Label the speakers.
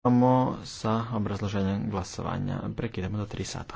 Speaker 1: Imamo sa obrazloženjem glasovanja. Prekidamo do 3 sata.